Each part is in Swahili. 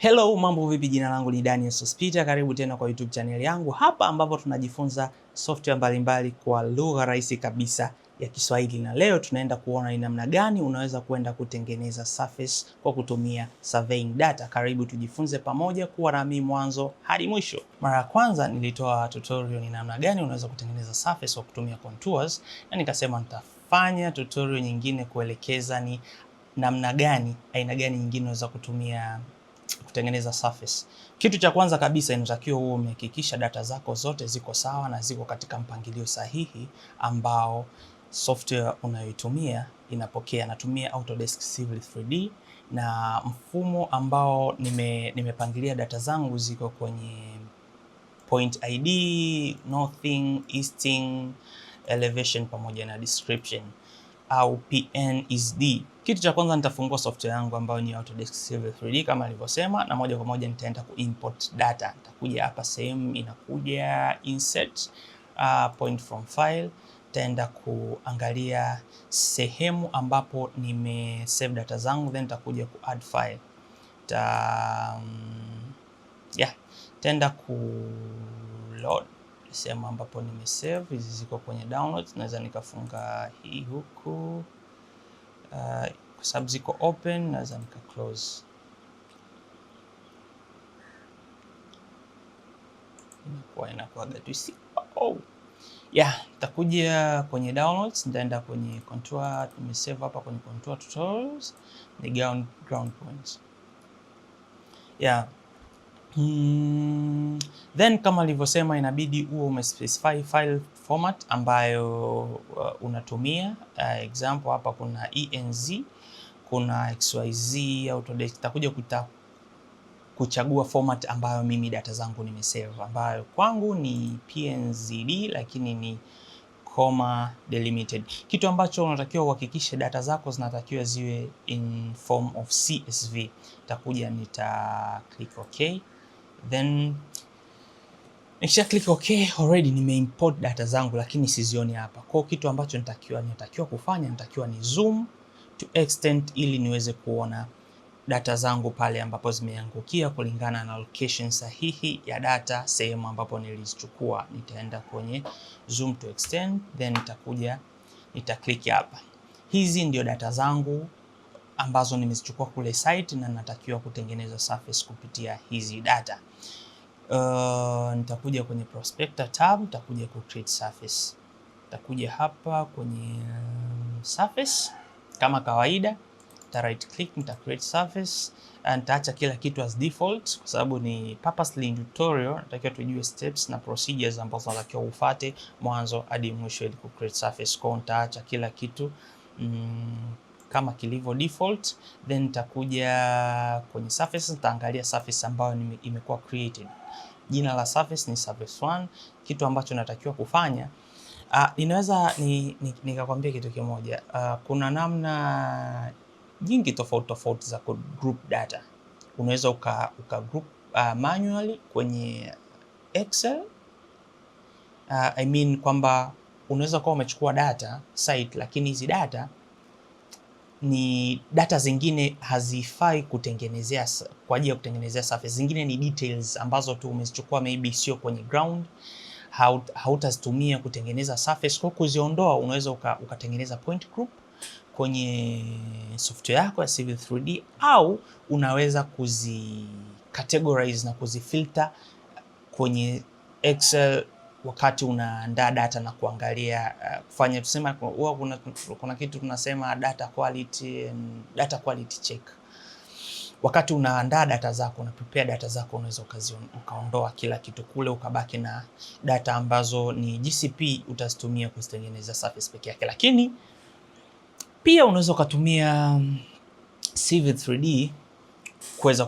Hello, mambo vipi? Jina langu ni Daniel Sospita, karibu tena kwa YouTube channel yangu hapa, ambapo tunajifunza software mbalimbali kwa lugha rahisi kabisa ya Kiswahili, na leo tunaenda kuona ni namna gani unaweza kwenda kutengeneza surface kwa kutumia surveying data. Karibu tujifunze pamoja, kuwa nami mwanzo hadi mwisho. Mara ya kwanza nilitoa tutorial ni namna gani unaweza kutengeneza surface kwa kutumia contours, na nikasema nitafanya tutorial nyingine kuelekeza ni namna gani, aina gani nyingine unaweza kutumia kutengeneza surface. Kitu cha kwanza kabisa inatakiwa uwe umehakikisha data zako zote ziko sawa na ziko katika mpangilio sahihi ambao software unayoitumia inapokea. Natumia Autodesk Civil 3D na mfumo ambao nime, nimepangilia data zangu ziko kwenye point ID, northing, easting, elevation pamoja na description au PNESD. Kitu cha kwanza nitafungua software yangu ambayo ni Autodesk Civil 3D kama nilivyosema, na moja kwa moja nitaenda ku import data. Nitakuja hapa sehemu inakuja insert uh, point from file, nitaenda kuangalia sehemu ambapo nime save data zangu, then nitakuja ku add file ta, um, yeah, nitaenda ku load sehemu ambapo nimesave hizi ziko kwenye downloads. Naweza nikafunga hii huku uh, kwa sababu ziko open, naweza nika close inakuwa inakuwaga tu si oh. Yeah, nitakuja kwenye downloads, nitaenda kwenye contour, tumesave hapa kwenye contour tutorials ni ground, ground points yeah Hmm, then kama alivyosema inabidi huo umespecify file format ambayo uh, unatumia uh, example hapa kuna ENZ, kuna XYZ, Autodesk. Itakuja kuta, kuchagua format ambayo mimi data zangu nimesave, ambayo kwangu ni PNZD lakini ni comma delimited. Kitu ambacho unatakiwa uhakikishe data zako zinatakiwa ziwe in form of CSV. Takuja nita click okay then nikishaklik click okay, already nimeimport data zangu, lakini sizioni hapa. kwao kitu ambacho nitakiwa nitakiwa kufanya nitakiwa ni zoom to extent ili niweze kuona data zangu pale ambapo zimeangukia kulingana na location sahihi ya data, sehemu ambapo nilizichukua. Nitaenda kwenye zoom to extend then nitakuja nitaklik hapa. Hizi ndio data zangu ambazo nimezichukua kule site na natakiwa kutengeneza surface kupitia hizi data. Uh, nitakuja kwenye prospector tab, nitakuja ku create surface. Nitakuja hapa kwenye uh, surface kama kawaida, nita right click, nita create surface. Uh, nitaacha kila kitu as default kwa sababu ni purposely tutorial, natakiwa tujue steps na procedures ambazo natakiwa ufate mwanzo hadi mwisho ili ku create surface. Kwa nitaacha kila kitu mm, kama kilivyo default, then nitakuja kwenye surface, nitaangalia surface ambayo imekuwa created. Jina la surface ni surface 1. Kitu ambacho natakiwa kufanya uh, ninaweza nikakwambia ni, ni kitu kimoja uh, kuna namna nyingi tofauti tofauti za ku group data. Unaweza uka, uka group uh, manually kwenye Excel uh, I mean kwamba unaweza kuwa umechukua data site, lakini hizi data ni data zingine hazifai kutengenezea kwa ajili ya kutengenezea surface. Zingine ni details ambazo tu umezichukua maybe sio kwenye ground, hautazitumia kutengeneza surface. Kwa kuziondoa unaweza uka, ukatengeneza point group kwenye software yako ya Civil 3D au unaweza kuzi categorize na kuzifilter kwenye Excel wakati unaandaa data na kuangalia uh, kufanya tusema, huwa kuna, kuna kitu tunasema data quality, data quality check. Wakati unaandaa data zako na prepare data zako, unaweza ukaondoa kila kitu kule, ukabaki na data ambazo ni GCP utazitumia kuzitengeneza surface peke yake, lakini pia unaweza ukatumia um, CV3D kuweza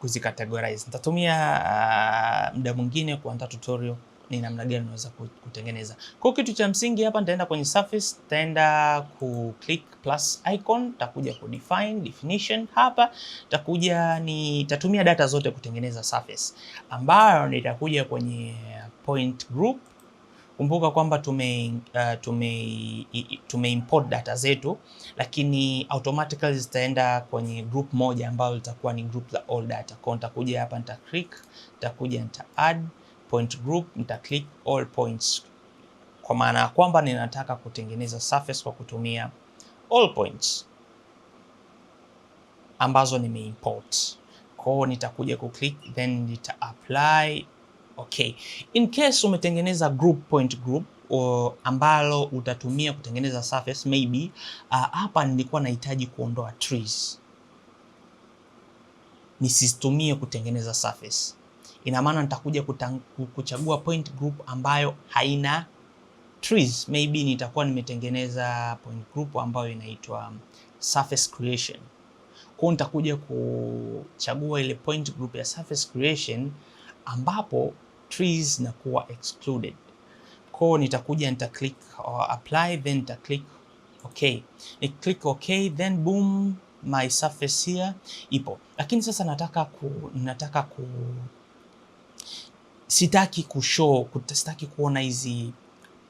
kuzikategorize Nitatumia uh, muda mwingine kuandaa tutorial ni namna gani unaweza kutengeneza. Kwa kitu cha msingi hapa nitaenda kwenye surface, nitaenda ku click plus icon, takuja ku define definition hapa, takuja ni tatumia data zote kutengeneza surface ambayo nitakuja kwenye ah, point group Kumbuka kwamba tume, uh, tume, tume import data zetu, lakini automatically zitaenda kwenye group moja ambayo litakuwa ni group la all data. Kwa nitakuja hapa nita click, nitakuja nita add point group, nita click all points, kwa maana ya kwamba ninataka kutengeneza surface kwa kutumia all points ambazo nimeimport. Kwa nitakuja ku click then nita apply Okay. In case umetengeneza group point group O ambalo utatumia kutengeneza surface maybe. Hapa uh, nilikuwa nahitaji kuondoa trees nisitumie kutengeneza surface, ina maana nitakuja kuchagua point group ambayo haina trees. Maybe nitakuwa nimetengeneza point group ambayo inaitwa um, surface creation, kwa nitakuja kuchagua ile point group ya surface creation ambapo trees na kuwa excluded. Kwa nitakuja nita click uh, apply then nita click okay. Ni click okay then boom my surface here ipo. Lakini sasa nataka ku, nataka ku sitaki kushow, sitaki kuona hizi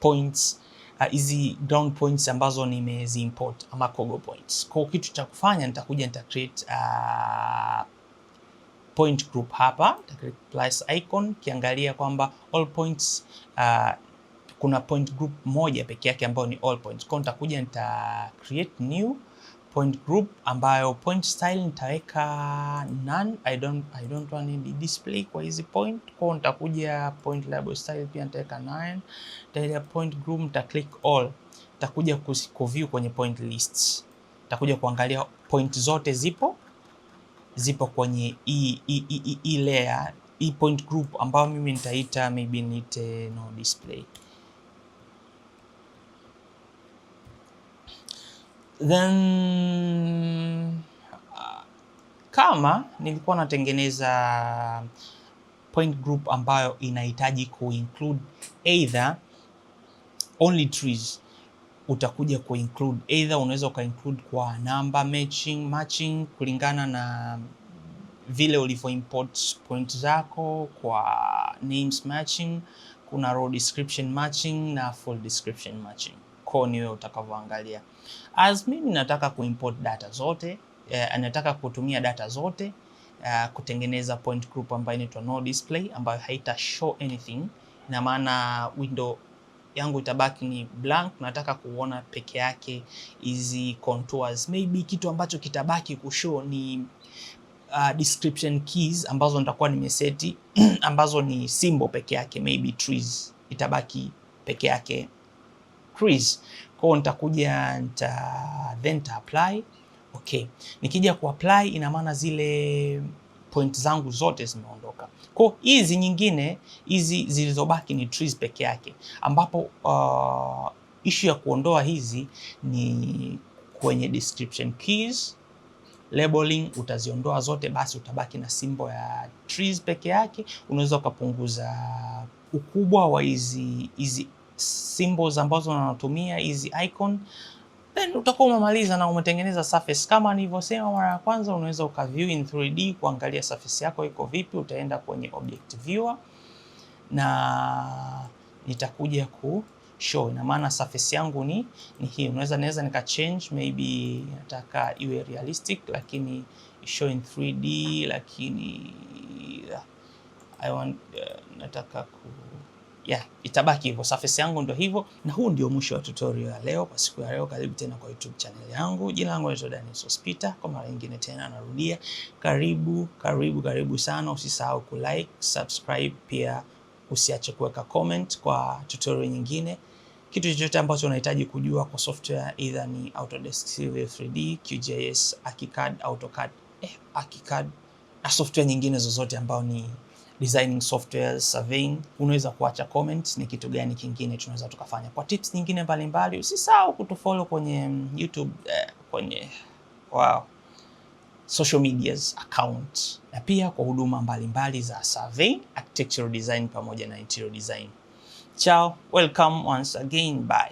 points uh, hizi uh, down points ambazo nimeziimport ama cogo points. Kwa kitu cha kufanya nitakuja nita create uh, point group hapa, click plus icon, kiangalia kwamba all points uh, kuna point group moja peke yake ambayo ni all points. Kwa nitakuja nita create new point group ambayo point style nitaweka none. I don't, I don't want any display kwa hizi point. Kwa nitakuja point label style pia nitaweka none. Nitaenda point group nita click all. Nitakuja ku view kwenye point lists. Nitakuja kuangalia point zote zipo zipo kwenye hii layer hii point group ambayo mimi nitaita maybe niite no display then uh, kama nilikuwa natengeneza point group ambayo inahitaji ku include either only trees utakuja ku include either unaweza uka include kwa number matching, matching kulingana na vile ulivyo import point zako kwa names matching, kuna row description matching na full description matching. Kwa ni wewe utakavyoangalia. As mimi nataka import data zote eh, nataka kutumia data zote eh, kutengeneza point group ambayo inaitwa no display ambayo haita show anything na maana window yangu itabaki ni blank. Nataka kuona peke yake hizi contours, maybe kitu ambacho kitabaki kushow ni Uh, description keys ambazo nitakuwa nimeseti ambazo ni symbol peke yake, maybe trees itabaki peke yake trees. Kwa hiyo nitakuja nita then ta apply okay. Nikija ku apply ina maana zile point zangu zote zimeondoka. Kwa hizi nyingine hizi zilizobaki ni trees peke yake, ambapo uh, ishu ya kuondoa hizi ni kwenye description keys labeling utaziondoa zote, basi utabaki na simbo ya trees peke yake. Unaweza ukapunguza ukubwa wa hizi hizi symbols ambazo wanatumia hizi icon then utakuwa umemaliza na umetengeneza surface. Kama nilivyosema mara ya kwanza, unaweza ukaview in 3D kuangalia surface yako iko vipi. Utaenda kwenye object viewer na nitakuja ku show, ina maana surface yangu ni ni hii. Unaweza naweza nika change maybe, nataka iwe realistic lakini show in 3D, lakini ah, I want uh, nataka ku yeah, itabaki hivyo. Surface yangu ndio hivyo, na huu ndio mwisho wa tutorial ya leo kwa siku ya leo. Karibu tena kwa YouTube channel yangu, jina langu ni Daniel Hospita. Kwa mara nyingine tena narudia, karibu karibu karibu sana. Usisahau ku like, subscribe, pia usiache kuweka comment kwa tutorial nyingine kitu chochote ambacho unahitaji kujua kwa software either ni Autodesk cv 3D, QGIS, AutoCAD, AutoCAD, eh, AutoCAD na software nyingine zozote ambao ni designing software, surveying. Unaweza kuacha comment, ni kitu gani kingine tunaweza tukafanya. Kwa tips nyingine mbalimbali, usisahau kutufollow kwenye mm, YouTube eh, kwenye wow, social medias account, na pia kwa huduma mbalimbali za survey, architectural design pamoja na interior design. Ciao, welcome once again, bye.